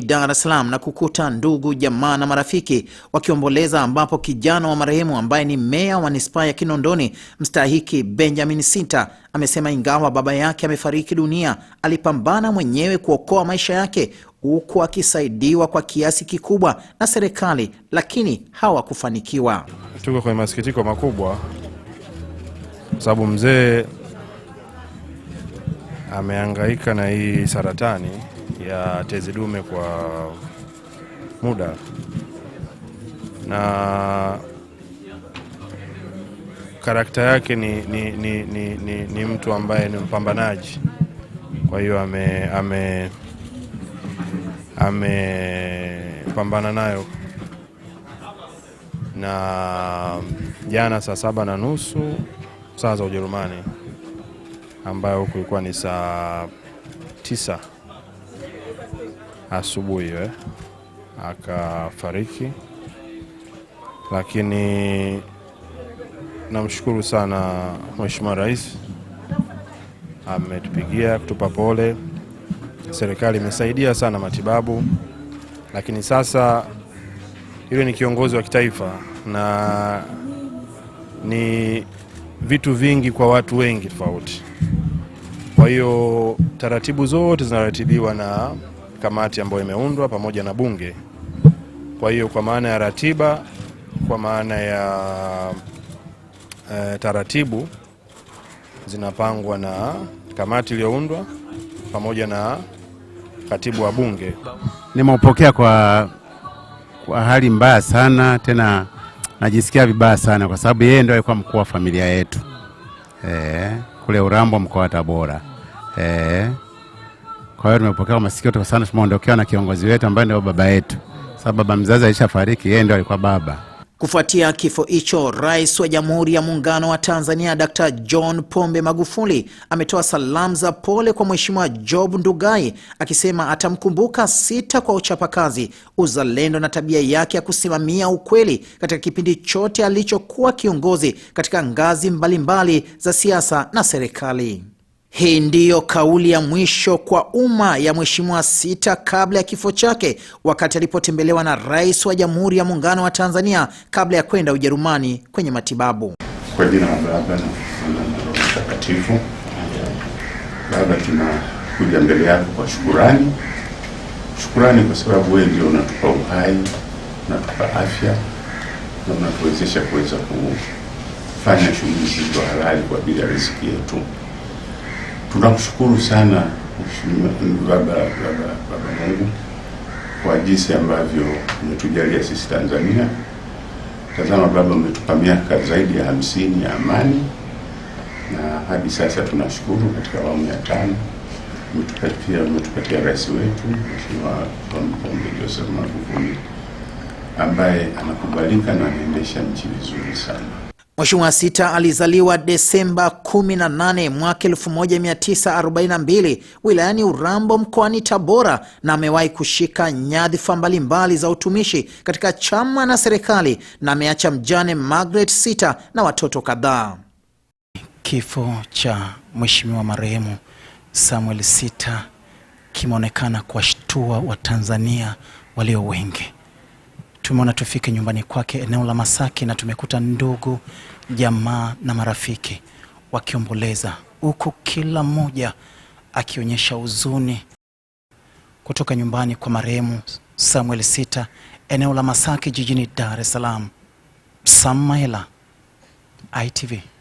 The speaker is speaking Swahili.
jijini Dar es Salaam na kukuta ndugu, jamaa na marafiki wakiomboleza, ambapo kijana wa marehemu ambaye ni meya wa manispaa ya Kinondoni mstahiki Benjamin Sita amesema ingawa baba yake amefariki dunia, alipambana mwenyewe kuokoa maisha yake huku akisaidiwa kwa kiasi kikubwa na serikali, lakini hawakufanikiwa. Tuko kwenye masikitiko makubwa kwa sababu mzee ameangaika na hii saratani ya tezi dume kwa muda na karakta yake ni, ni, ni, ni, ni, ni mtu ambaye ni mpambanaji. Kwa hiyo ame ame amepambana nayo, na jana saa saba na nusu saa za Ujerumani ambayo huku ilikuwa ni saa tisa asubuhi we eh? akafariki, lakini namshukuru sana Mheshimiwa Rais ametupigia kutupa pole. Serikali imesaidia sana matibabu, lakini sasa yule ni kiongozi wa kitaifa na ni vitu vingi kwa watu wengi tofauti. Kwa hiyo taratibu zote zinaratibiwa na kamati ambayo imeundwa pamoja na bunge. Kwa hiyo kwa maana ya ratiba, kwa maana ya e, taratibu zinapangwa na kamati iliyoundwa pamoja na katibu wa bunge. Nimeupokea kwa, kwa hali mbaya sana, tena najisikia vibaya sana kwa sababu yeye ndio alikuwa mkuu wa familia yetu e, kule Urambo mkoa wa Tabora e. Kwa hiyo tumepokea masikitiko sana, tumeondokewa na kiongozi wetu ambaye ndio baba yetu, sababu baba mzazi alishafariki, yeye ndio alikuwa baba. Kufuatia kifo hicho, Rais wa Jamhuri ya Muungano wa Tanzania Dr. John Pombe Magufuli ametoa salamu za pole kwa Mheshimiwa Job Ndugai akisema atamkumbuka sita kwa uchapakazi, uzalendo na tabia yake ya kusimamia ukweli katika kipindi chote alichokuwa kiongozi katika ngazi mbalimbali za siasa na serikali. Hii ndiyo kauli ya mwisho kwa umma ya Mheshimiwa Sita kabla ya kifo chake, wakati alipotembelewa na Rais wa Jamhuri ya Muungano wa Tanzania kabla ya kwenda Ujerumani kwenye matibabu. Kwa jina la Baba na Roho Mtakatifu. Baba, tunakuja mbele yako kwa shukurani, shukurani kwa sababu wewe ndio unatupa uhai, unatupa afya na unatuwezesha kuweza kufanya shughuli zilizo halali kwa ajili ya riziki yetu. Tunakushukuru sana Mheshimiwa Baba, Baba, Baba Mungu kwa jinsi ambavyo umetujalia sisi Tanzania. Tazama Baba, umetupa miaka zaidi ya hamsini ya amani na hadi sasa tunashukuru katika awamu ya tano. Umetupatia umetupatia rais wetu Mheshimiwa Pombe Joseph Magufuli ambaye anakubalika na anaendesha nchi vizuri sana. Mheshimiwa Sita alizaliwa Desemba 18 mwaka 1942 wilayani Urambo mkoani Tabora na amewahi kushika nyadhifa mbalimbali za utumishi katika chama na serikali na ameacha mjane Margaret Sita na watoto kadhaa. Kifo cha Mheshimiwa marehemu Samuel Sita kimeonekana kuwashtua Watanzania walio wengi tumeona tufike nyumbani kwake eneo la Masaki na tumekuta ndugu, jamaa na marafiki wakiomboleza, huku kila mmoja akionyesha huzuni. Kutoka nyumbani kwa marehemu Samuel Sita eneo la Masaki jijini Dar es Salaam, Sam ITV.